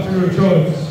your choice.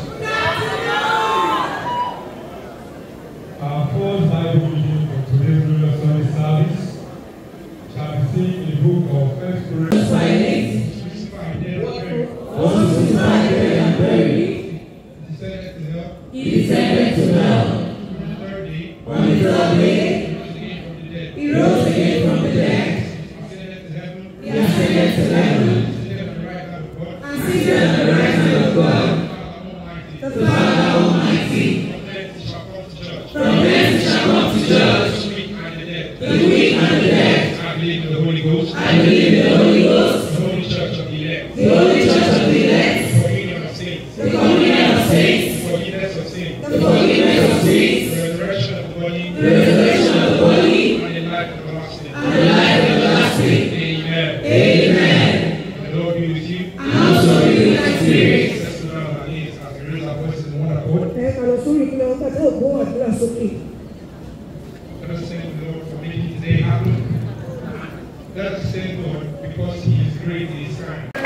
That same God, because he is great in his time. I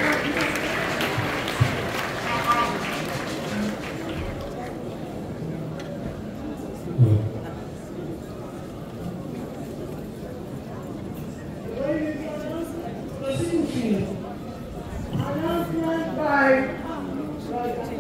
hand. Announcement by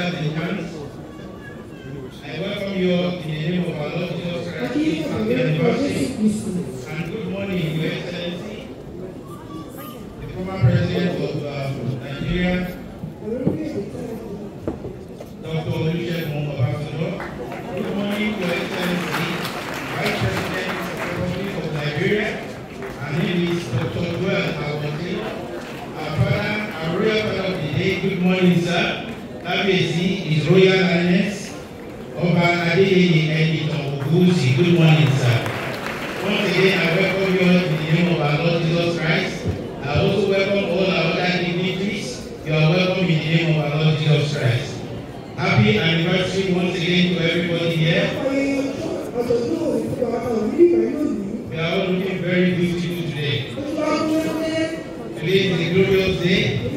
General Defense. I welcome you all in the name of our Lord Jesus Christ and the And good morning, Your Excellency, the former President of um, Nigeria. kábíyèsí his royal highness ọba adéyẹyẹ ẹnìtàn ògúnwùsì good morning sir. once again i welcome you all in the name of our lord jesus christ i also welcome all our other dignitaries you are welcome in the name of our lord jesus christ. happy anniversary once again to everybody here. we are all looking very beautiful today. today is a glorious day.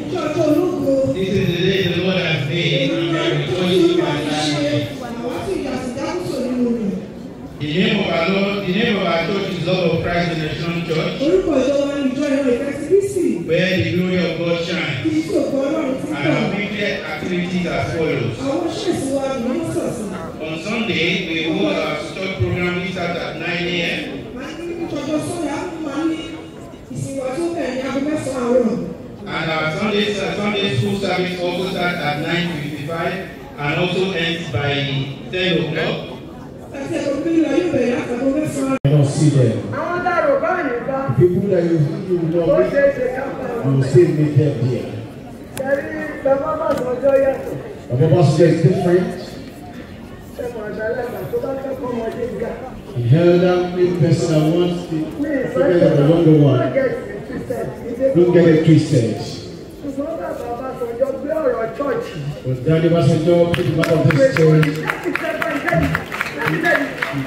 activities as follows. On Sunday, we hold our stock program which starts at 9 a.m. And our Sunday, Sunday school service also starts at 9:55 and also ends by 10 o'clock. I don't see them. Àwọn People that you see, you will they come back. You say make them there. Bàbá bá ṣe different. He held out with person once the get of the wonder one. Don't get it twisted. But Daddy Basanjo put the back of this story.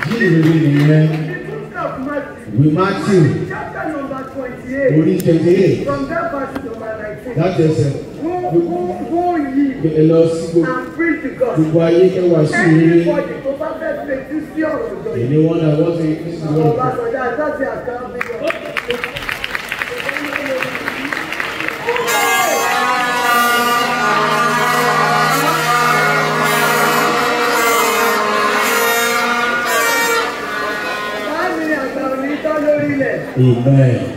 Jesus really in here. We Matthew. Chapter number 28. From that That is it bẹ̀rẹ̀ lọ sí gbogbo ayé kẹwàá sí ilé èyí wọn náà wọ́n ti ní sí wọn. Amen.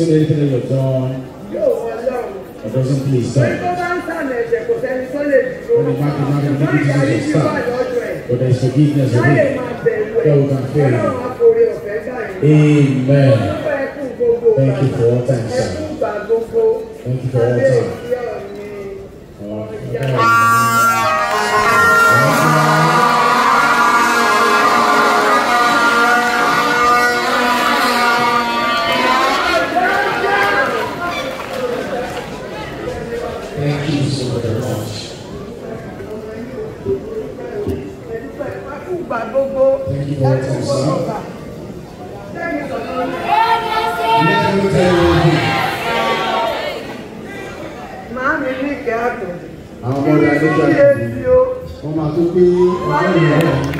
kí di ọ̀dọ́ sáà. ọ̀dọ̀ ìṣègùn ìgbà sọ̀rọ̀. láyé máa bẹ̀rù ẹ̀ ọlọ́run Amen. Thank you for all time, sir. Thank you for all time. Oh, okay. ìgbà gbogbo ẹtù gbogbo gbà. Lẹ́yìn ìsọ̀rọ̀ ló ń bọ̀. Màá mi ní ìkẹ́ àgbẹ̀. Àwọn ọmọ ìyá ló jáde. Wọ́n máa tó pé ọ̀rẹ́ ìyá rẹ̀.